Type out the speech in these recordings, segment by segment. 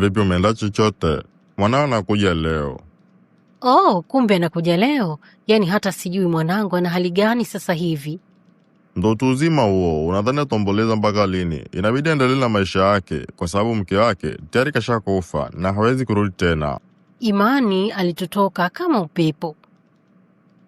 Vipi, umeenda chochote? Mwanao anakuja leo. Oh, kumbe anakuja leo. Yaani hata sijui mwanangu ana hali gani sasa hivi. Ndo utu uzima huo, unadhani atomboleza mpaka lini? Inabidi aendelee na maisha yake, kwa sababu mke wake tayari kashakufa na hawezi kurudi tena. Imani alitotoka kama upepo.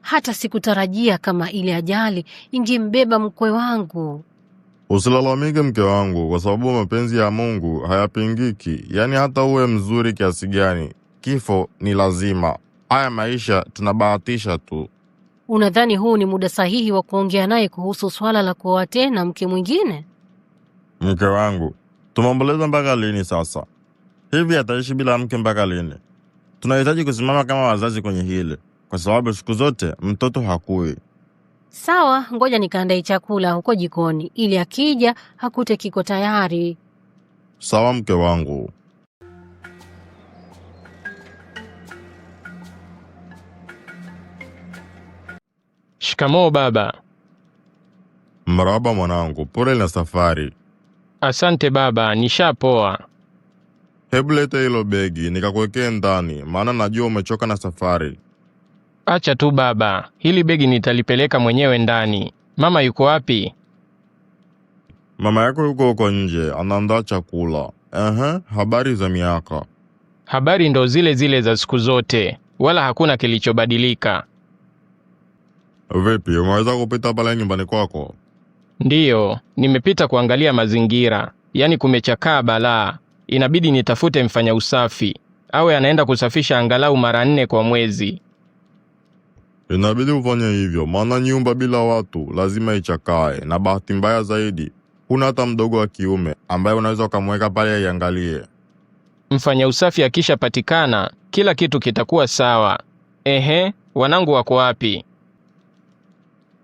Hata sikutarajia kama ile ajali ingembeba mkwe wangu. Usilalamike mke wangu, kwa sababu mapenzi ya Mungu hayapingiki. Yaani hata uwe mzuri kiasi gani, kifo ni lazima. Haya maisha tunabahatisha tu. Unadhani huu ni muda sahihi wa kuongea naye kuhusu swala la kuoa tena mke mwingine? Mke wangu, tumeomboleza mpaka lini sasa? Hivi ataishi bila mke mpaka lini? Tunahitaji kusimama kama wazazi kwenye hili, kwa sababu siku zote mtoto hakui. Sawa, ngoja nikaandae chakula huko jikoni ili akija hakute kiko tayari. Sawa mke wangu. Shikamoo baba. Mraba mwanangu, pole na safari. Asante baba, nishapoa. Hebu leta hilo begi nikakuwekee ndani, maana najua umechoka na safari. Acha tu baba, hili begi nitalipeleka mwenyewe ndani. Mama yuko wapi? Mama yako yuko huko nje anaandaa chakula. Ehe, habari za miaka? Habari ndo zile zile za siku zote, wala hakuna kilichobadilika. Vipi, umeweza kupita pale nyumbani kwako? Ndiyo, nimepita kuangalia mazingira, yaani kumechakaa balaa. Inabidi nitafute mfanya usafi awe anaenda kusafisha angalau mara nne kwa mwezi. Inabidi ufanye hivyo, maana nyumba bila watu lazima ichakae, na bahati mbaya zaidi huna hata mdogo wa kiume ambaye unaweza ukamweka pale aiangalie. Mfanya usafi akishapatikana, kila kitu kitakuwa sawa. Ehe, wanangu wako wapi?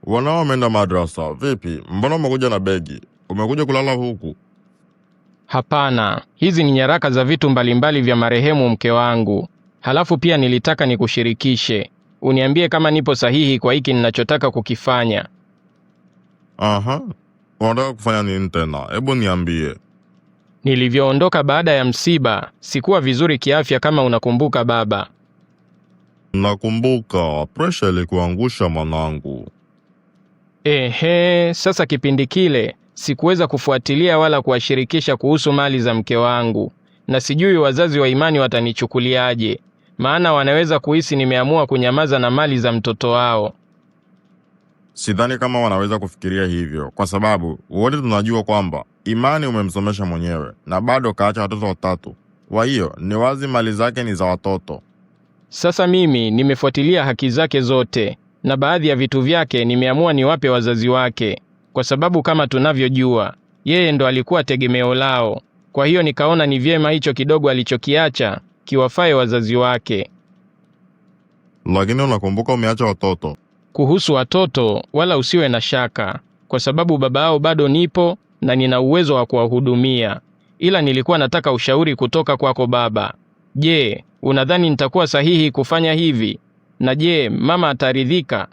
Wanao wameenda madrasa. Vipi, mbona umekuja na begi? Umekuja kulala huku? Hapana, hizi ni nyaraka za vitu mbalimbali vya marehemu mke wangu, halafu pia nilitaka nikushirikishe uniambie kama nipo sahihi kwa hiki ninachotaka kukifanya. Aha, unataka kufanya nini tena? Hebu niambie. Nilivyoondoka baada ya msiba sikuwa vizuri kiafya, kama unakumbuka baba. Nakumbuka, presha ilikuangusha mwanangu. Ehe, sasa kipindi kile sikuweza kufuatilia wala kuwashirikisha kuhusu mali za mke wangu, na sijui wazazi wa Imani watanichukuliaje maana wanaweza kuhisi nimeamua kunyamaza na mali za mtoto wao. Sidhani kama wanaweza kufikiria hivyo, kwa sababu wote tunajua kwamba Imani umemsomesha mwenyewe na bado kaacha watoto watatu. Kwa hiyo ni wazi mali zake ni za watoto. Sasa mimi nimefuatilia haki zake zote na baadhi ya vitu vyake nimeamua niwape wazazi wake, kwa sababu kama tunavyojua, yeye ndo alikuwa tegemeo lao. Kwa hiyo nikaona ni vyema hicho kidogo alichokiacha kiwafae wazazi wake. Lakini unakumbuka umeacha watoto. Kuhusu watoto, wala usiwe na shaka, kwa sababu baba yao bado nipo na nina uwezo wa kuwahudumia, ila nilikuwa nataka ushauri kutoka kwako baba. Je, unadhani nitakuwa sahihi kufanya hivi? Na je, mama ataridhika?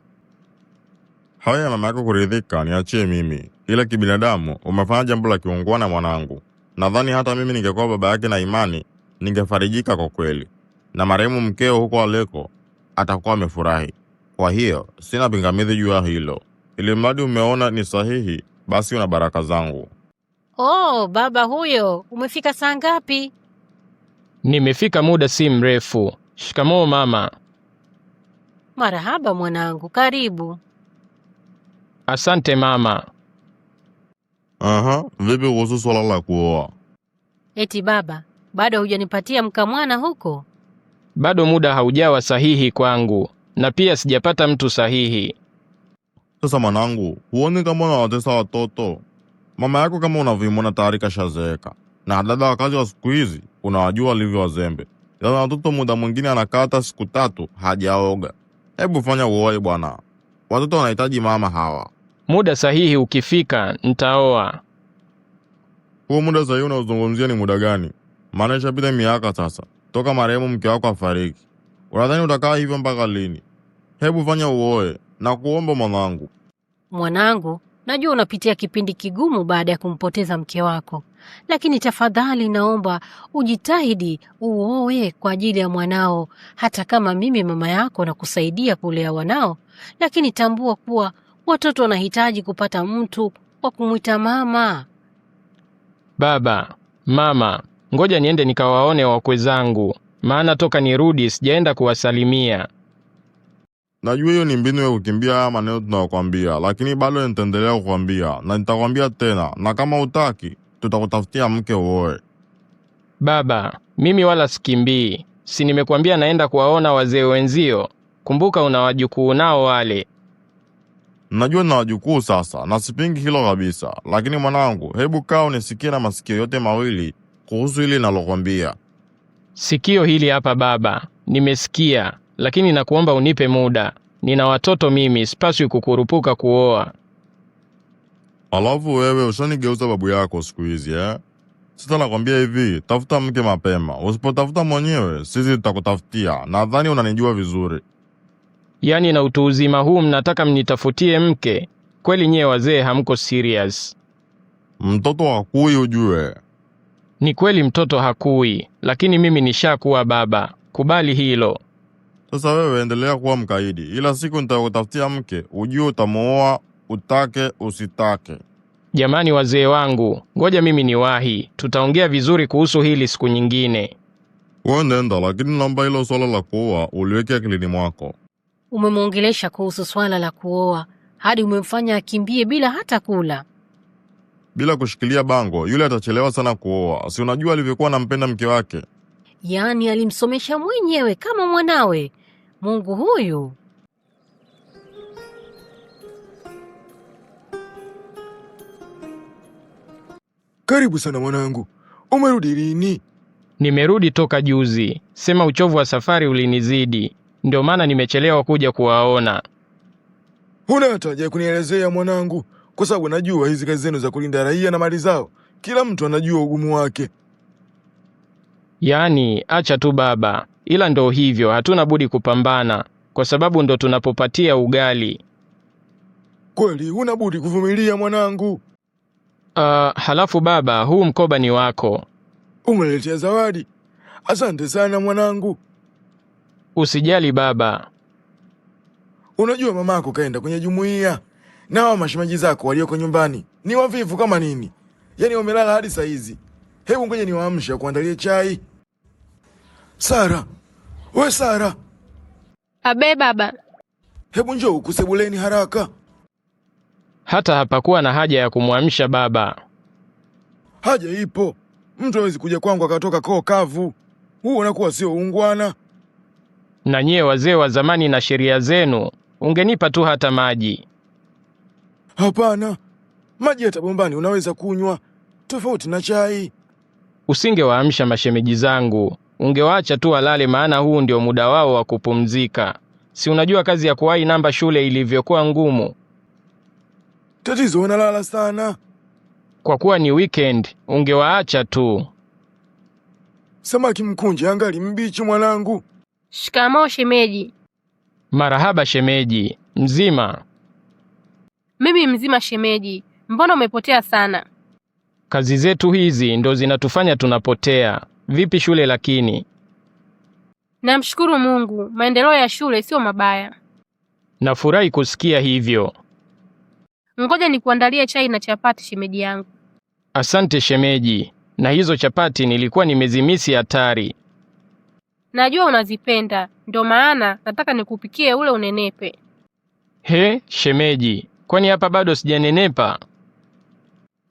Hayo ya mama yako kuridhika niachie mimi, ila kibinadamu umefanya jambo la kiungwana mwanangu. Nadhani hata mimi ningekuwa baba yake na imani ningefarijika kwa kweli, na marehemu mkeo huko aliko atakuwa amefurahi. Kwa hiyo sina pingamizi juu ya hilo, ili mradi umeona ni sahihi, basi una baraka zangu. Oh, baba huyo, umefika saa ngapi? Nimefika muda si mrefu. Shikamoo mama. Marahaba mwanangu, karibu. Asante mama. Aha, vipi kuhusu swala la kuoa? Eti baba, bado hujanipatia mkamwana huko? Bado muda haujawa sahihi kwangu, na pia sijapata mtu sahihi. Sasa mwanangu, huoni kama unawatesa watoto? Mama yako kama unavyoimwona tayari kashazeeka, na dada wa kazi wa siku hizi unawajua alivyo wazembe. Sasa yaani watoto muda mwingine anakata siku tatu hajaoga. Hebu fanya uoe bwana, watoto wanahitaji mama hawa. Muda sahihi ukifika ntaoa Huo muda sahihi unaozungumzia ni muda gani? Maana ishapita miaka sasa toka marehemu mke wako afariki. Unadhani utakaa hivyo mpaka lini? Hebu fanya uoe na kuomba mwanangu. Mwanangu, najua unapitia kipindi kigumu baada ya kumpoteza mke wako, lakini tafadhali naomba ujitahidi uoe kwa ajili ya mwanao. Hata kama mimi mama yako nakusaidia kulea wanao, lakini tambua kuwa watoto wanahitaji kupata mtu wa kumwita mama. Baba, mama, ngoja niende nikawaone wakwe zangu, maana toka nirudi sijaenda kuwasalimia. Najua hiyo ni mbinu ya kukimbia haya maneno tunayokwambia, lakini bado nitaendelea kukwambia na nitakwambia tena, na kama utaki tutakutafutia mke uoe. Baba, mimi wala sikimbii, si nimekwambia naenda kuwaona wazee wenzio. Kumbuka una wajukuu nao wale. Najua na wajukuu sasa, na sipingi hilo kabisa, lakini mwanangu, hebu kaa unisikie na masikio yote mawili, kuhusu hili ninalokwambia. Sikio hili hapa baba, nimesikia, lakini nakuomba unipe muda. Nina watoto mimi, sipaswi kukurupuka kuoa. Alafu wewe ushanigeuza babu yako siku hizi eh? Sita nakwambia hivi, tafuta mke mapema. Usipotafuta mwenyewe, sisi tutakutafutia. Nadhani unanijua vizuri. Yaani na utu uzima huu mnataka mnitafutie mke? Kweli nyewe wazee hamko serious. Mtoto wa kui ujue ni kweli mtoto hakui, lakini mimi nishakuwa baba. Kubali hilo. Sasa wewe endelea kuwa mkaidi, ila siku nitakutafutia mke, ujue utamuoa utake usitake. Jamani wazee wangu, ngoja mimi niwahi. Tutaongea vizuri kuhusu hili siku nyingine. Wewe nenda, lakini naomba hilo swala la kuoa uliweke akilini mwako. Umemwongelesha kuhusu swala la kuoa hadi umemfanya akimbie bila hata kula bila kushikilia bango, yule atachelewa sana kuoa. Si unajua alivyokuwa anampenda mke wake? Yaani alimsomesha mwenyewe kama mwanawe. Mungu huyu! Karibu sana mwanangu, umerudi lini? Nimerudi toka juzi, sema uchovu wa safari ulinizidi, ndio maana nimechelewa kuja kuwaona. Huna haja kunielezea mwanangu, kwa sababu najua hizi kazi zenu za kulinda raia na mali zao, kila mtu anajua ugumu wake. Yaani acha tu baba, ila ndo hivyo, hatuna budi kupambana kwa sababu ndo tunapopatia ugali. Kweli huna budi kuvumilia mwanangu. Uh, halafu baba, huu mkoba ni wako, umeletea zawadi. Asante sana mwanangu. Usijali baba. Unajua mamako kaenda kwenye jumuiya na hao mashemeji zako walioko nyumbani ni wavivu kama nini, yaani wamelala hadi saa hizi. Hebu ngoja niwaamshe kuandalie chai. Sara, we Sara! Abe baba, hebu njoo huku sebuleni haraka. Hata hapakuwa na haja ya kumwamsha baba. Haja ipo, mtu hawezi kuja kwangu akatoka koo kavu. Huu unakuwa sio uungwana. Na nyie wazee wa zamani na sheria zenu, ungenipa tu hata maji. Hapana, maji ya tabombani unaweza kunywa, tofauti na chai. Usingewaamsha mashemeji zangu, ungewaacha tu walale, maana huu ndio muda wao wa kupumzika. Si unajua kazi ya kuwahi namba shule ilivyokuwa ngumu? Tatizo wanalala sana. Kwa kuwa ni weekend, ungewaacha tu. Samaki mkunje angali mbichi, mwanangu. Shikamoo shemeji. Marahaba shemeji, mzima? Mimi mzima shemeji, mbona umepotea sana? Kazi zetu hizi ndo zinatufanya tunapotea. Vipi shule lakini? Namshukuru Mungu, maendeleo ya shule sio mabaya. Nafurahi kusikia hivyo. Ngoja nikuandalie chai na chapati shemeji yangu. Asante shemeji, na hizo chapati nilikuwa nimezimisi hatari. Najua unazipenda, ndio maana nataka nikupikie ule unenepe. He shemeji, Kwani hapa bado sijanenepa?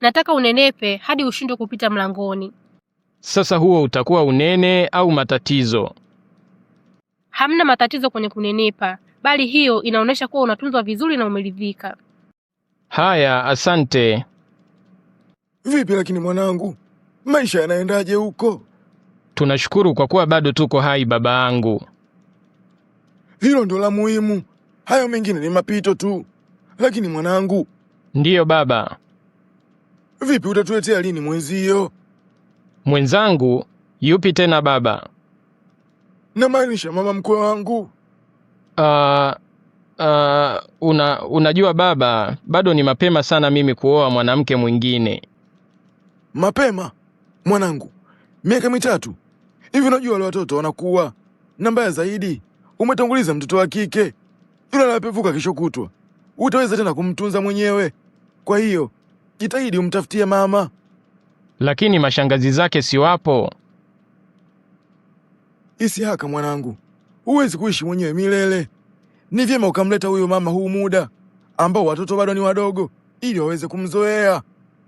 Nataka unenepe hadi ushindwe kupita mlangoni. Sasa huo utakuwa unene au matatizo? Hamna matatizo kwenye kunenepa, bali hiyo inaonyesha kuwa unatunzwa vizuri na umeridhika. Haya, asante. Vipi lakini mwanangu, maisha yanaendaje huko? Tunashukuru kwa kuwa bado tuko hai baba yangu. Hilo ndio la muhimu, hayo mengine ni mapito tu. Lakini mwanangu. Ndiyo baba. Vipi, utatuletea lini mwenzio? Mwenzangu yupi tena baba? Namaanisha mama mkwe wangu. Uh, uh, una, unajua baba, bado ni mapema sana mimi kuoa mwanamke mwingine. Mapema mwanangu, miaka mitatu hivi? Unajua wale watoto wanakuwa, na mbaya zaidi umetanguliza mtoto wa kike yule anapevuka kesho kutwa utaweza tena kumtunza mwenyewe. Kwa hiyo jitahidi umtafutie mama. Lakini mashangazi zake siwapo. Isihaka mwanangu, huwezi kuishi mwenyewe milele. Ni vyema ukamleta huyo mama huu muda ambao watoto bado ni wadogo, ili waweze kumzoea.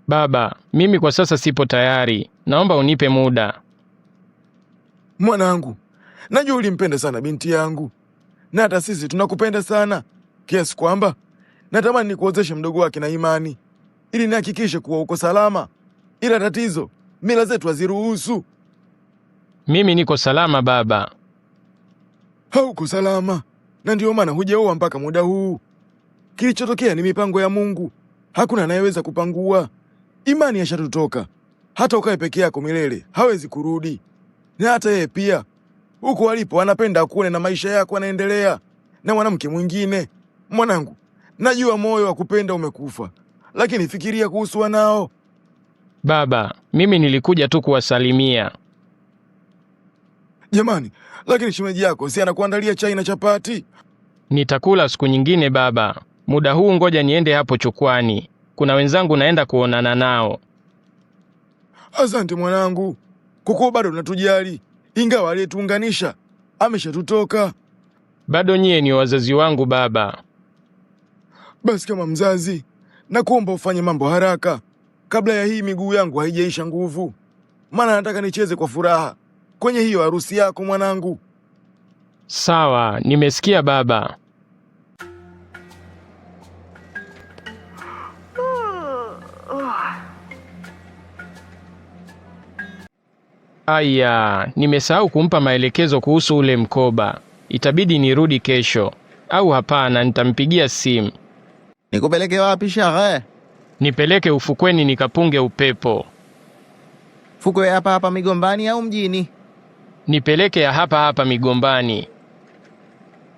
Baba, mimi kwa sasa sipo tayari, naomba unipe muda. Mwanangu, najua ulimpenda sana binti yangu, na hata sisi tunakupenda sana kiasi kwamba natamani nikuozeshe mdogo wake na Imani ili nihakikishe kuwa uko salama, ila tatizo mila zetu haziruhusu. Mimi niko salama baba. Hauko salama, na ndiyo maana hujaoa mpaka muda huu. Kilichotokea ni mipango ya Mungu, hakuna anayeweza kupangua. Imani ashatutoka, hata ukae peke yako milele hawezi kurudi, na hata yeye pia huko alipo anapenda akuone na maisha yako anaendelea na mwanamke mwingine. Mwanangu, Najua moyo wa kupenda umekufa, lakini fikiria kuhusu wanao. Baba, mimi nilikuja tu kuwasalimia. Jamani, lakini shemeji yako si anakuandalia chai na chapati? Nitakula siku nyingine baba. Muda huu ngoja niende hapo chukwani, kuna wenzangu naenda kuonana nao. Asante mwanangu, kwa bado natujali ingawa aliyetuunganisha ameshatutoka. Bado nyie ni wazazi wangu baba. Basi kama mzazi, nakuomba ufanye mambo haraka kabla ya hii miguu yangu haijaisha nguvu, maana nataka nicheze kwa furaha kwenye hiyo harusi yako mwanangu. Sawa, nimesikia baba. Aya, nimesahau kumpa maelekezo kuhusu ule mkoba. Itabidi nirudi kesho, au hapana, nitampigia simu. Nikupeleke wapi Share? Nipeleke ufukweni nikapunge upepo. Fukwe hapa hapa Migombani au mjini? Nipeleke ya hapa hapa Migombani.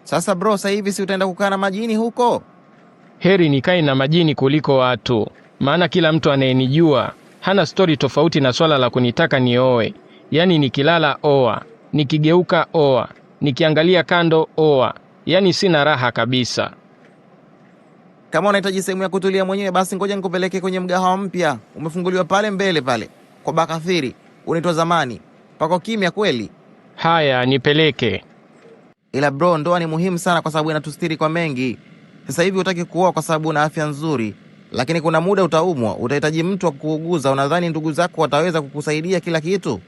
Sasa bro, sasa hivi si utaenda kukaa na majini huko? Heri nikae na majini kuliko watu, maana kila mtu anayenijua hana stori tofauti na swala la kunitaka nioe. Yaani nikilala oa, nikigeuka oa, nikiangalia kando oa, yaani sina raha kabisa. Kama unahitaji sehemu ya kutulia mwenyewe, basi ngoja nikupeleke kwenye mgahawa mpya umefunguliwa pale mbele pale kwa Bakathiri, unaitwa Zamani. Pako kimya kweli. Haya, nipeleke. Ila bro, ndoa ni muhimu sana kwa sababu inatustiri kwa mengi. Sasa hivi hutaki kuoa kwa sababu una afya nzuri, lakini kuna muda utaumwa, utahitaji mtu wa kuuguza. Unadhani ndugu zako wataweza kukusaidia kila kitu?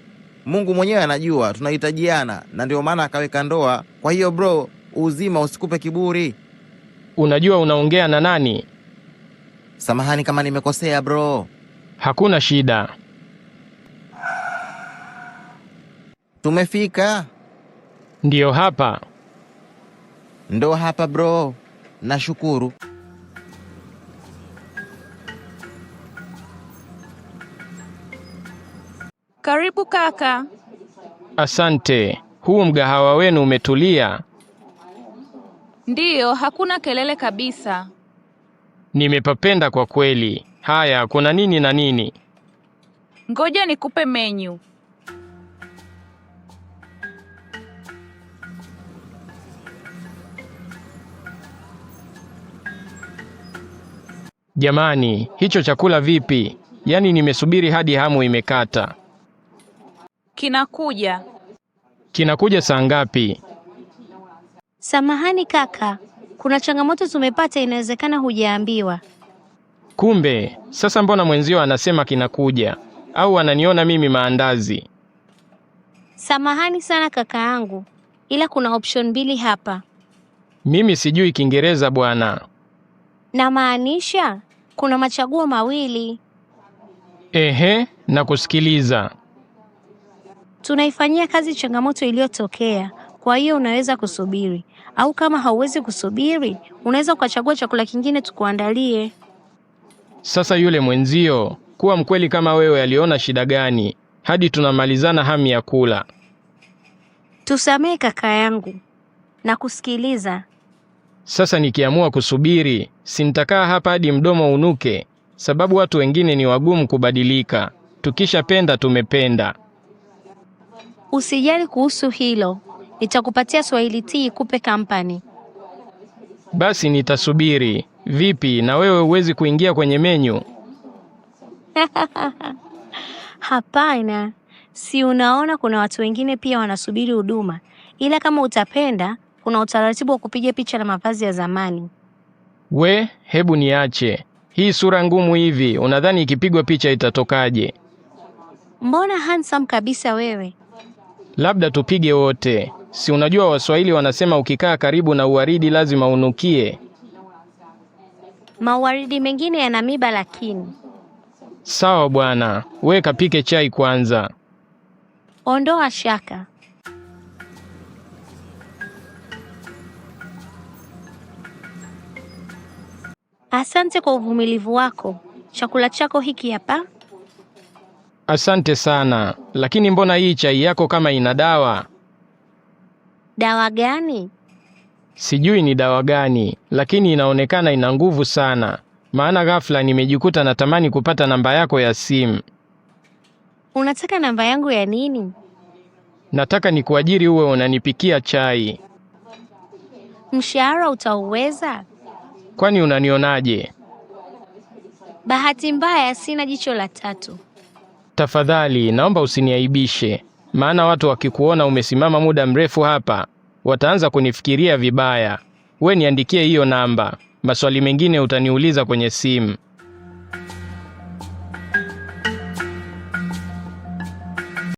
Mungu mwenyewe anajua tunahitajiana, na ndio maana akaweka ndoa. Kwa hiyo bro, uzima usikupe kiburi unajua unaongea na nani? Samahani kama nimekosea bro. Hakuna shida. Tumefika. Ndiyo hapa. Ndo hapa bro. Nashukuru. Karibu kaka. Asante. Huu mgahawa wenu umetulia. Ndiyo, hakuna kelele kabisa. Nimepapenda kwa kweli. Haya, kuna nini na nini? Ngoja nikupe menyu. Jamani, hicho chakula vipi? Yaani nimesubiri hadi hamu imekata. Kinakuja. Kinakuja saa ngapi? Samahani kaka, kuna changamoto tumepata, inawezekana hujaambiwa. Kumbe sasa, mbona mwenzio anasema kinakuja? Au ananiona mimi maandazi? Samahani sana kaka yangu, ila kuna option mbili hapa. Mimi sijui Kiingereza bwana. Namaanisha kuna machaguo mawili. Ehe, nakusikiliza. Tunaifanyia kazi changamoto iliyotokea kwa hiyo unaweza kusubiri, au kama hauwezi kusubiri, unaweza ukachagua chakula kingine tukuandalie. Sasa yule mwenzio, kuwa mkweli kama wewe, aliona shida gani hadi tunamalizana hamu ya kula? Tusamehe kaka yangu na kusikiliza. Sasa nikiamua kusubiri, si nitakaa hapa hadi mdomo unuke, sababu watu wengine ni wagumu kubadilika. Tukishapenda tumependa. Usijali kuhusu hilo nitakupatia Swahili Tea Kupe kampani Basi nitasubiri. Vipi, na wewe huwezi kuingia kwenye menyu? Hapana, si unaona kuna watu wengine pia wanasubiri huduma, ila kama utapenda, kuna utaratibu wa kupiga picha na mavazi ya zamani. We, hebu niache hii sura ngumu hivi. Unadhani ikipigwa picha itatokaje? Mbona handsome kabisa wewe. Labda tupige wote. Si unajua Waswahili wanasema ukikaa karibu na uwaridi lazima unukie. Mauwaridi mengine yana miba lakini. Sawa bwana, we kapike chai kwanza. Ondoa shaka. Asante kwa uvumilivu wako. Chakula chako hiki hapa. Asante sana, lakini mbona hii chai yako kama ina dawa? Dawa gani? Sijui ni dawa gani, lakini inaonekana ina nguvu sana, maana ghafla nimejikuta natamani kupata namba yako ya simu. Unataka namba yangu ya nini? Nataka nikuajiri uwe unanipikia chai. Mshahara utauweza? Kwani unanionaje? Bahati mbaya sina jicho la tatu. Tafadhali naomba usiniaibishe maana watu wakikuona umesimama muda mrefu hapa wataanza kunifikiria vibaya. We niandikie hiyo namba, maswali mengine utaniuliza kwenye simu.